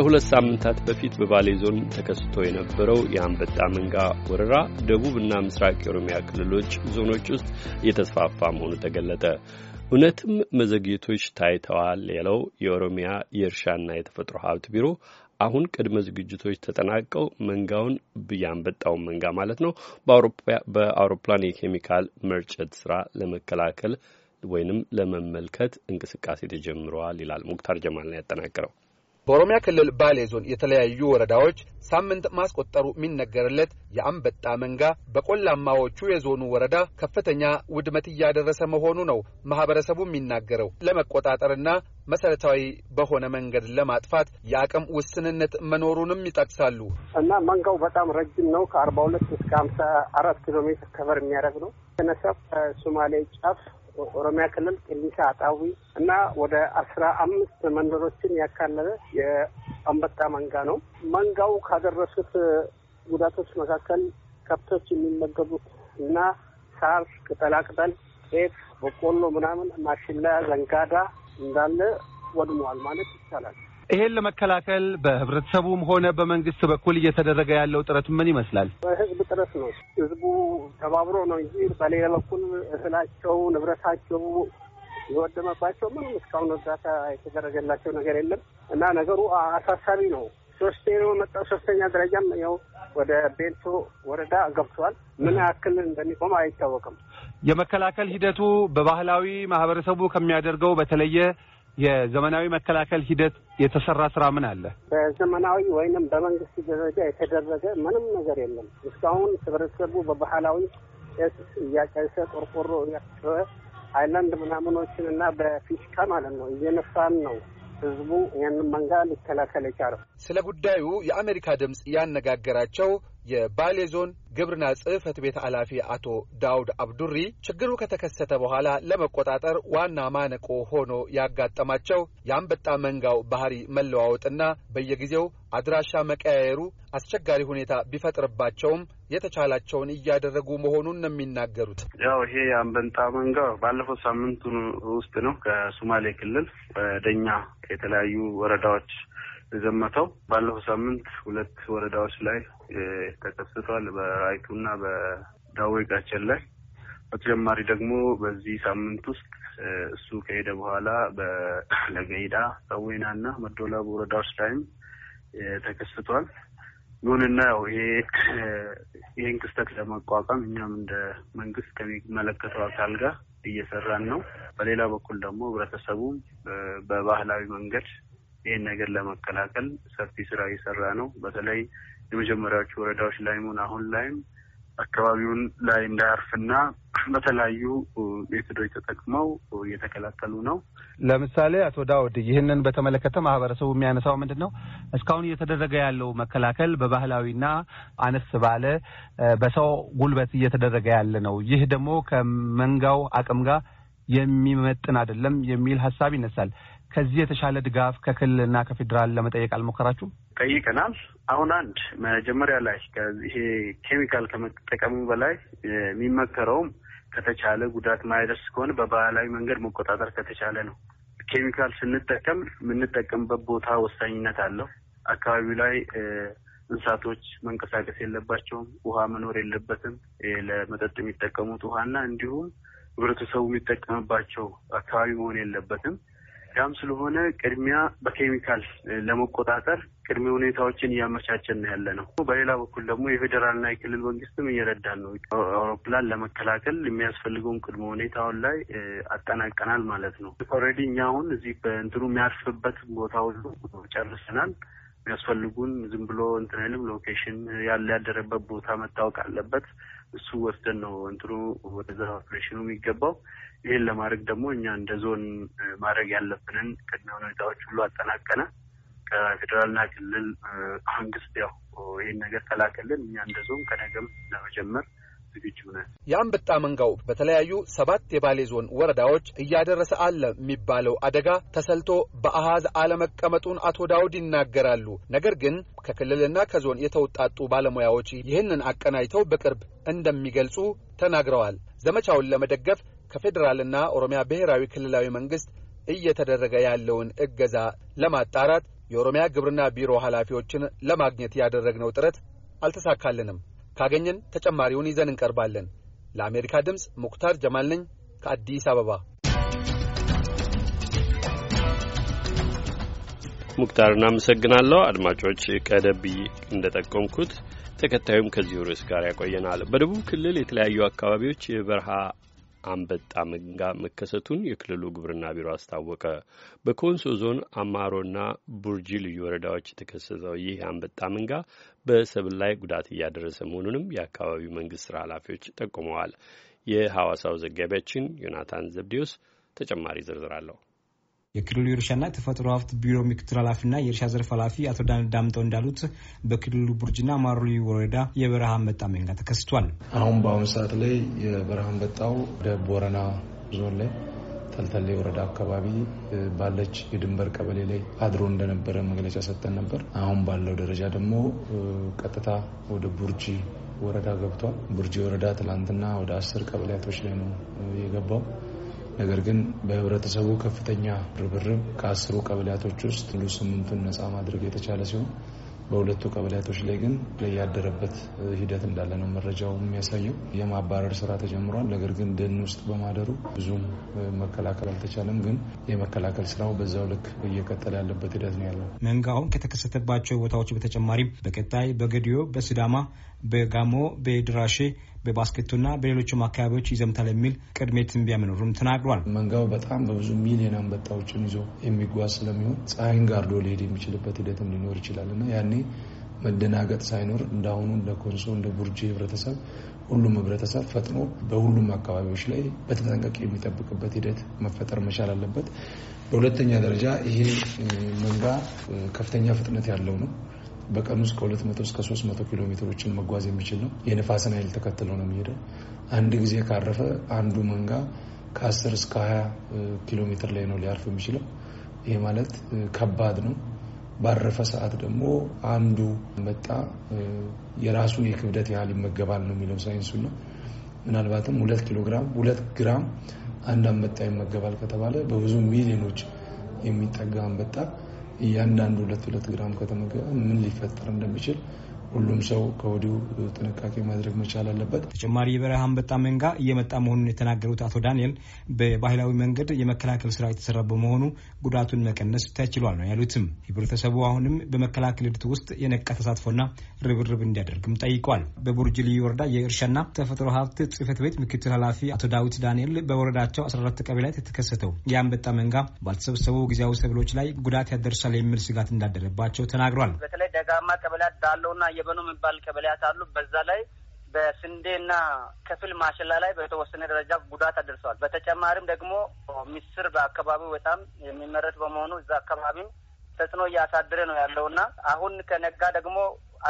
ከሁለት ሳምንታት በፊት በባሌ ዞን ተከስቶ የነበረው የአንበጣ መንጋ ወረራ ደቡብና ምስራቅ የኦሮሚያ ክልሎች ዞኖች ውስጥ እየተስፋፋ መሆኑ ተገለጠ። እውነትም መዘግየቶች ታይተዋል ያለው የኦሮሚያ የእርሻና የተፈጥሮ ሀብት ቢሮ አሁን ቅድመ ዝግጅቶች ተጠናቀው መንጋውን ብያንበጣውን መንጋ ማለት ነው በአውሮፕላን የኬሚካል መርጨት ስራ ለመከላከል ወይንም ለመመልከት እንቅስቃሴ ተጀምረዋል ይላል። ሙክታር ጀማል ነው ያጠናቀረው። በኦሮሚያ ክልል ባሌ ዞን የተለያዩ ወረዳዎች ሳምንት ማስቆጠሩ የሚነገርለት የአንበጣ መንጋ በቆላማዎቹ የዞኑ ወረዳ ከፍተኛ ውድመት እያደረሰ መሆኑ ነው ማህበረሰቡ የሚናገረው። ለመቆጣጠርና መሰረታዊ በሆነ መንገድ ለማጥፋት የአቅም ውስንነት መኖሩንም ይጠቅሳሉ። እና መንጋው በጣም ረጅም ነው። ከአርባ ሁለት እስከ ሀምሳ አራት ኪሎ ሜትር ከበር የሚያደርግ ነው። ተነሳ ሶማሌ ጫፍ ኦሮሚያ ክልል ጢሊሳ፣ አጣዊ እና ወደ አስራ አምስት መንደሮችን ያካለለ የአንበጣ መንጋ ነው። መንጋው ካደረሱት ጉዳቶች መካከል ከብቶች የሚመገቡት እና ሳር፣ ቅጠላቅጠል፣ ጤፍ፣ በቆሎ ምናምን፣ ማሽላ፣ ዘንጋዳ እንዳለ ወድሟል ማለት ይቻላል። ይሄን ለመከላከል በህብረተሰቡም ሆነ በመንግስት በኩል እየተደረገ ያለው ጥረት ምን ይመስላል? በህዝብ ጥረት ነው። ህዝቡ ተባብሮ ነው እንጂ በሌላ በኩል እህላቸው፣ ንብረታቸው የወደመባቸው ምንም እስካሁን እርዳታ የተደረገላቸው ነገር የለም እና ነገሩ አሳሳቢ ነው። ሶስቴ ነው መጣ ሶስተኛ ደረጃም ያው ወደ ቤንቶ ወረዳ ገብቷል። ምን ያክል እንደሚቆም አይታወቅም። የመከላከል ሂደቱ በባህላዊ ማህበረሰቡ ከሚያደርገው በተለየ የዘመናዊ መከላከል ሂደት የተሰራ ስራ ምን አለ? በዘመናዊ ወይንም በመንግስት ደረጃ የተደረገ ምንም ነገር የለም። እስካሁን ህብረተሰቡ በባህላዊ ስ እያጨሰ ቆርቆሮ እያጨሰ አይላንድ ምናምኖችን እና በፊሽካ ማለት ነው እየነፋን ነው ህዝቡ ይህን መንጋ ሊከላከል የቻለው። ስለ ጉዳዩ የአሜሪካ ድምፅ ያነጋገራቸው የባሌ ዞን ግብርና ጽህፈት ቤት ኃላፊ አቶ ዳውድ አብዱሪ ችግሩ ከተከሰተ በኋላ ለመቆጣጠር ዋና ማነቆ ሆኖ ያጋጠማቸው የአንበጣ መንጋው ባህሪ መለዋወጥና በየጊዜው አድራሻ መቀያየሩ አስቸጋሪ ሁኔታ ቢፈጥርባቸውም የተቻላቸውን እያደረጉ መሆኑን ነው የሚናገሩት። ያው ይሄ አንበንጣ መንጋ ባለፈው ሳምንቱ ውስጥ ነው ከሶማሌ ክልል ወደኛ የተለያዩ ወረዳዎች የዘመተው ባለፈው ሳምንት ሁለት ወረዳዎች ላይ ተከስቷል፣ በራይቱና በዳዌ ቃቸን ላይ። በተጨማሪ ደግሞ በዚህ ሳምንት ውስጥ እሱ ከሄደ በኋላ በለገይዳ ሰዌና እና መዶላቡ ወረዳዎች ላይም ተከስቷል። ይሁንና ያው ይህን ክስተት ለመቋቋም እኛም እንደ መንግስት ከሚመለከተው አካል ጋር እየሰራን ነው። በሌላ በኩል ደግሞ ህብረተሰቡም በባህላዊ መንገድ ይህን ነገር ለመከላከል ሰፊ ስራ እየሰራ ነው። በተለይ የመጀመሪያዎቹ ወረዳዎች ላይሙን አሁን ላይም አካባቢውን ላይ እንዳያርፍና በተለያዩ ሜቶዶች ተጠቅመው እየተከላከሉ ነው። ለምሳሌ አቶ ዳውድ ይህንን በተመለከተ ማህበረሰቡ የሚያነሳው ምንድን ነው? እስካሁን እየተደረገ ያለው መከላከል በባህላዊና አነስ ባለ በሰው ጉልበት እየተደረገ ያለ ነው። ይህ ደግሞ ከመንጋው አቅም ጋር የሚመጥን አይደለም የሚል ሀሳብ ይነሳል። ከዚህ የተሻለ ድጋፍ ከክልልና ከፌዴራል ለመጠየቅ አልሞከራችሁም? ጠይቀናል። አሁን አንድ መጀመሪያ ላይ ይሄ ኬሚካል ከመጠቀሙ በላይ የሚመከረውም ከተቻለ ጉዳት ማይደርስ ከሆነ በባህላዊ መንገድ መቆጣጠር ከተቻለ ነው። ኬሚካል ስንጠቀም የምንጠቀምበት ቦታ ወሳኝነት አለው። አካባቢው ላይ እንስሳቶች መንቀሳቀስ የለባቸውም። ውሃ መኖር የለበትም። ለመጠጥ የሚጠቀሙት ውሃና እንዲሁም ህብረተሰቡ የሚጠቀምባቸው አካባቢ መሆን የለበትም። ጫም ስለሆነ ቅድሚያ በኬሚካል ለመቆጣጠር ቅድሚ ሁኔታዎችን እያመቻቸን ነው ያለ ነው። በሌላ በኩል ደግሞ የፌዴራልና የክልል መንግስትም እየረዳን ነው። አውሮፕላን ለመከላከል የሚያስፈልገውን ቅድመ ሁኔታውን ላይ አጠናቀናል ማለት ነው። ኦልሬዲ እኛ አሁን እዚህ በእንትኑ የሚያርፍበት ቦታ ሁሉ ጨርሰናል። የሚያስፈልጉን ዝም ብሎ እንትን ሎኬሽን ያለ ያደረበት ቦታ መታወቅ አለበት። እሱ ወስደን ነው እንትኑ ወደዛ ኦፕሬሽኑ የሚገባው። ይህን ለማድረግ ደግሞ እኛ እንደ ዞን ማድረግ ያለብንን ቅድመ ሁኔታዎች ሁሉ አጠናቀነ። ከፌዴራልና ክልል መንግስት ያው ይህን ነገር ተላከልን። እኛ እንደ ዞን ከነገም ለመጀመር ዝግጁ ነን። የአንበጣ መንጋው በተለያዩ ሰባት የባሌ ዞን ወረዳዎች እያደረሰ አለ የሚባለው አደጋ ተሰልቶ በአሃዝ አለመቀመጡን አቶ ዳውድ ይናገራሉ። ነገር ግን ከክልልና ከዞን የተውጣጡ ባለሙያዎች ይህንን አቀናጅተው በቅርብ እንደሚገልጹ ተናግረዋል። ዘመቻውን ለመደገፍ ከፌዴራልና ኦሮሚያ ብሔራዊ ክልላዊ መንግስት እየተደረገ ያለውን እገዛ ለማጣራት የኦሮሚያ ግብርና ቢሮ ኃላፊዎችን ለማግኘት ያደረግነው ጥረት አልተሳካልንም። ካገኘን ተጨማሪውን ይዘን እንቀርባለን። ለአሜሪካ ድምፅ ሙክታር ጀማል ነኝ ከአዲስ አበባ። ሙክታር እናመሰግናለሁ። አድማጮች ቀደም ብዬ እንደጠቆምኩት ተከታዩም ከዚሁ ርዕስ ጋር ያቆየናል። በደቡብ ክልል የተለያዩ አካባቢዎች የበረሃ አንበጣ መንጋ መከሰቱን የክልሉ ግብርና ቢሮ አስታወቀ። በኮንሶ ዞን አማሮና ቡርጂ ልዩ ወረዳዎች የተከሰተው ይህ አንበጣ መንጋ በሰብል ላይ ጉዳት እያደረሰ መሆኑንም የአካባቢው መንግስት ስራ ኃላፊዎች ጠቁመዋል። የሐዋሳው ዘጋቢያችን ዮናታን ዘብዴዎስ ተጨማሪ ዝርዝር አለው። የክልሉ የእርሻና ተፈጥሮ ሀብት ቢሮ ምክትል ኃላፊና የእርሻ ዘርፍ ኃላፊ አቶ ዳን ዳምጠው እንዳሉት በክልሉ ቡርጅና ማሮሊ ወረዳ የበረሃ አንበጣ መንጋ ተከስቷል። አሁን በአሁኑ ሰዓት ላይ የበረሃ አንበጣው ወደ ቦረና ዞን ላይ ተልተሌ ወረዳ አካባቢ ባለች የድንበር ቀበሌ ላይ አድሮ እንደነበረ መግለጫ ሰጠን ነበር። አሁን ባለው ደረጃ ደግሞ ቀጥታ ወደ ቡርጂ ወረዳ ገብቷል። ቡርጂ ወረዳ ትላንትና ወደ አስር ቀበሌያቶች ላይ ነው የገባው። ነገር ግን በህብረተሰቡ ከፍተኛ ርብርብ ከአስሩ ቀበሌያቶች ውስጥ ሁሉ ስምንቱን ነፃ ማድረግ የተቻለ ሲሆን በሁለቱ ቀበሌያቶች ላይ ግን ያደረበት ሂደት እንዳለ ነው መረጃው የሚያሳየው። የማባረር ስራ ተጀምሯል። ነገር ግን ደን ውስጥ በማደሩ ብዙም መከላከል አልተቻለም። ግን የመከላከል ስራው በዛው ልክ እየቀጠለ ያለበት ሂደት ነው ያለው። መንጋውን ከተከሰተባቸው ቦታዎች በተጨማሪም በቀጣይ በገዲዮ፣ በስዳማ፣ በጋሞ፣ በድራሼ በባስኬቶና በሌሎችም አካባቢዎች ይዘምታል የሚል ቅድሜ ትንበያ መኖሩም ተናግሯል። መንጋው በጣም በብዙ ሚሊዮን አንበጣዎችን ይዞ የሚጓዝ ስለሚሆን ፀሐይን ጋርዶ ሊሄድ የሚችልበት ሂደትም ሊኖር ይችላል እና ያኔ መደናገጥ ሳይኖር እንደአሁኑ እንደ ኮንሶ እንደ ቡርጂ ህብረተሰብ ሁሉም ህብረተሰብ ፈጥኖ በሁሉም አካባቢዎች ላይ በተጠንቀቅ የሚጠብቅበት ሂደት መፈጠር መቻል አለበት። በሁለተኛ ደረጃ ይሄ መንጋ ከፍተኛ ፍጥነት ያለው ነው። በቀን ውስጥ ከሁለት መቶ እስከ ሶስት መቶ ኪሎ ሜትሮችን መጓዝ የሚችል ነው። የነፋስን ኃይል ተከትሎ ነው የሚሄደው። አንድ ጊዜ ካረፈ አንዱ መንጋ ከአስር እስከ ሀያ ኪሎ ሜትር ላይ ነው ሊያርፍ የሚችለው። ይህ ማለት ከባድ ነው። ባረፈ ሰዓት ደግሞ አንዱ መጣ የራሱን የክብደት ያህል ይመገባል ነው የሚለው ሳይንሱ ነው። ምናልባትም ሁለት ኪሎ ግራም ሁለት ግራም አንድ አንበጣ ይመገባል ከተባለ በብዙ ሚሊዮኖች የሚጠጋ አንበጣ እያንዳንዱ ሁለት ሁለት ግራም ከተመገበ ምን ሊፈጠር እንደሚችል ሁሉም ሰው ከወዲሁ ጥንቃቄ ማድረግ መቻል አለበት። ተጨማሪ የበረሃ አንበጣ መንጋ እየመጣ መሆኑን የተናገሩት አቶ ዳንኤል በባህላዊ መንገድ የመከላከል ስራ የተሰራ በመሆኑ ጉዳቱን መቀነስ ተችሏል ነው ያሉትም። ህብረተሰቡ አሁንም በመከላከል ሂደት ውስጥ የነቃ ተሳትፎና ርብርብ እንዲያደርግም ጠይቋል። በቡርጅ ልዩ ወረዳ የእርሻና ተፈጥሮ ሀብት ጽህፈት ቤት ምክትል ኃላፊ አቶ ዳዊት ዳንኤል በወረዳቸው 14 ቀበሌያት የተከሰተው የአንበጣ መንጋ ባልተሰበሰቡ ጊዜያዊ ሰብሎች ላይ ጉዳት ያደርሳል የሚል ስጋት እንዳደረባቸው ተናግሯል። በተለይ ደጋማ ቀበሌያት ዳለውና የበኖ የሚባል ቀበሌያት አሉ። በዛ ላይ በስንዴና ከፊል ማሽላ ላይ በተወሰነ ደረጃ ጉዳት አድርሰዋል። በተጨማሪም ደግሞ ምስር በአካባቢው በጣም የሚመረት በመሆኑ እዛ አካባቢም ተጽዕኖ እያሳደረ ነው ያለውና አሁን ከነጋ ደግሞ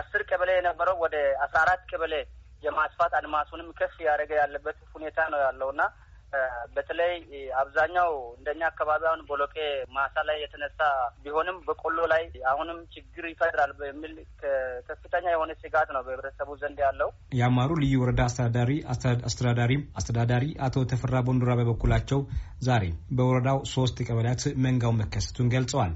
አስር ቀበሌ የነበረው ወደ አስራ አራት ቀበሌ የማስፋት አድማሱንም ከፍ ያደረገ ያለበት ሁኔታ ነው ያለውና በተለይ አብዛኛው እንደኛ አካባቢ አሁን ቦሎቄ ማሳ ላይ የተነሳ ቢሆንም በቆሎ ላይ አሁንም ችግር ይፈጥራል በሚል ከፍተኛ የሆነ ስጋት ነው በህብረተሰቡ ዘንድ ያለው። የአማሩ ልዩ ወረዳ አስተዳዳሪ አስተዳዳሪ አስተዳዳሪ አቶ ተፈራ ቦንዱራ በበኩላቸው ዛሬ በወረዳው ሶስት ቀበሌያት መንጋው መከሰቱን ገልጸዋል።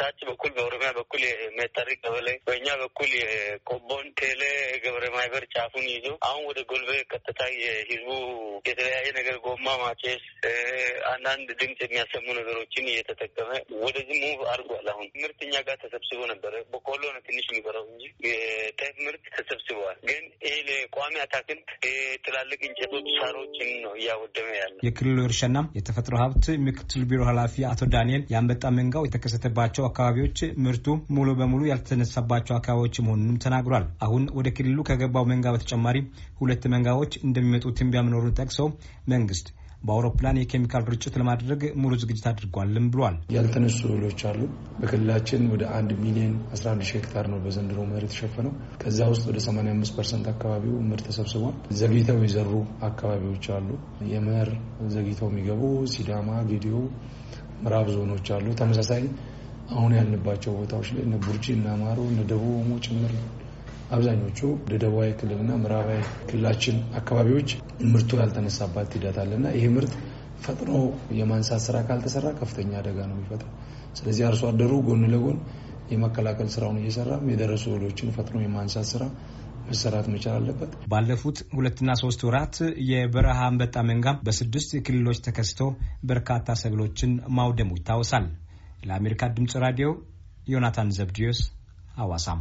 ታች በኩል በኦሮሚያ በኩል የሜታሪ ቀበሌ፣ በእኛ በኩል የቆቦን ቴሌ ገብረ ማይበር ጫፉን ይዞ አሁን ወደ ጎልቤ ቀጥታ የህዝቡ የተለያየ ነገር ጎማ ማቼስ አንዳንድ ድምፅ የሚያሰሙ ነገሮችን እየተጠቀመ ወደዚህ ሙቭ አድርጓል። አሁን ምርት እኛ ጋር ተሰብስቦ ነበረ። በቆሎ ነው ትንሽ የሚቀረው እንጂ የጤፍ ምርት ተሰብስበዋል። ግን ይህ ለቋሚ አታክልት ትላልቅ እንጨቶች፣ ሳሮችን ነው እያወደመ ያለ። የክልሉ እርሻና የተፈጥሮ ሀብት ምክትል ቢሮ ኃላፊ አቶ ዳንኤል የአንበጣ መንጋው የተከሰተባቸው አካባቢዎች ምርቱ ሙሉ በሙሉ ያልተነሳባቸው አካባቢዎች መሆኑንም ተናግሯል። አሁን ወደ ክልሉ ከገባው መንጋ በተጨማሪ ሁለት መንጋዎች እንደሚመጡ ትንቢያ መኖሩን ጠቅሰው መንግስት በአውሮፕላን የኬሚካል ርጭት ለማድረግ ሙሉ ዝግጅት አድርጓልም ብሏል። ያልተነሱ እህሎች አሉ። በክልላችን ወደ አንድ ሚሊዮን 11 ሺህ ሄክታር ነው በዘንድሮ መኸር የተሸፈነው። ከዛ ውስጥ ወደ 85 ፐርሰንት አካባቢው ምርት ተሰብስቧል። ዘግይተው የዘሩ አካባቢዎች አሉ። የመኸር ዘግይተው የሚገቡ ሲዳማ፣ ጌዲዮ፣ ምዕራብ ዞኖች አሉ። ተመሳሳይ አሁን ያልንባቸው ቦታዎች ላይ እነ ቡርጂ እና ማሮ እነ ደቡብ ኦሞ ጭምር አብዛኞቹ ወደ ደቡባዊ ክልልና ምዕራባዊ ክልላችን አካባቢዎች ምርቱ ያልተነሳባት ሂደት አለና ይሄ ምርት ፈጥኖ የማንሳት ስራ ካልተሰራ ከፍተኛ አደጋ ነው የሚፈጥረው። ስለዚህ አርሶ አደሩ ጎን ለጎን የመከላከል ስራውን እየሰራም የደረሱ እህሎችን ፈጥኖ የማንሳት ስራ መሰራት መቻል አለበት። ባለፉት ሁለትና ሶስት ወራት የበረሃ አንበጣ መንጋ በስድስት ክልሎች ተከስቶ በርካታ ሰብሎችን ማውደሙ ይታወሳል። ለአሜሪካ ድምፅ ራዲዮ ዮናታን ዘብድዮስ አዋሳም።